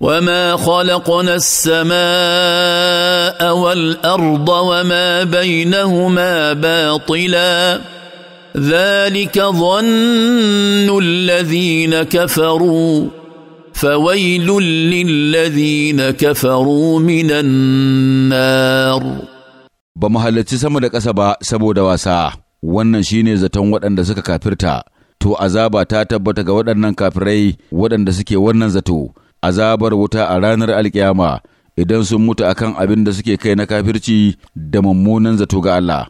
وما خلقنا السماء والارض وما بينهما باطلا ذلك ظن الذين كفروا فويل للذين كفروا من النار بمحلتي sama da ƙasa ba saboda wasa wannan shine zaton waɗanda suka kafirta to azaba ta tabbatar ga waɗannan kafirai waɗanda suke wannan zato azabar wuta a ranar alkiyama idan sun mutu akan abin da suke kai na kafirci da mummunan zato ga Allah.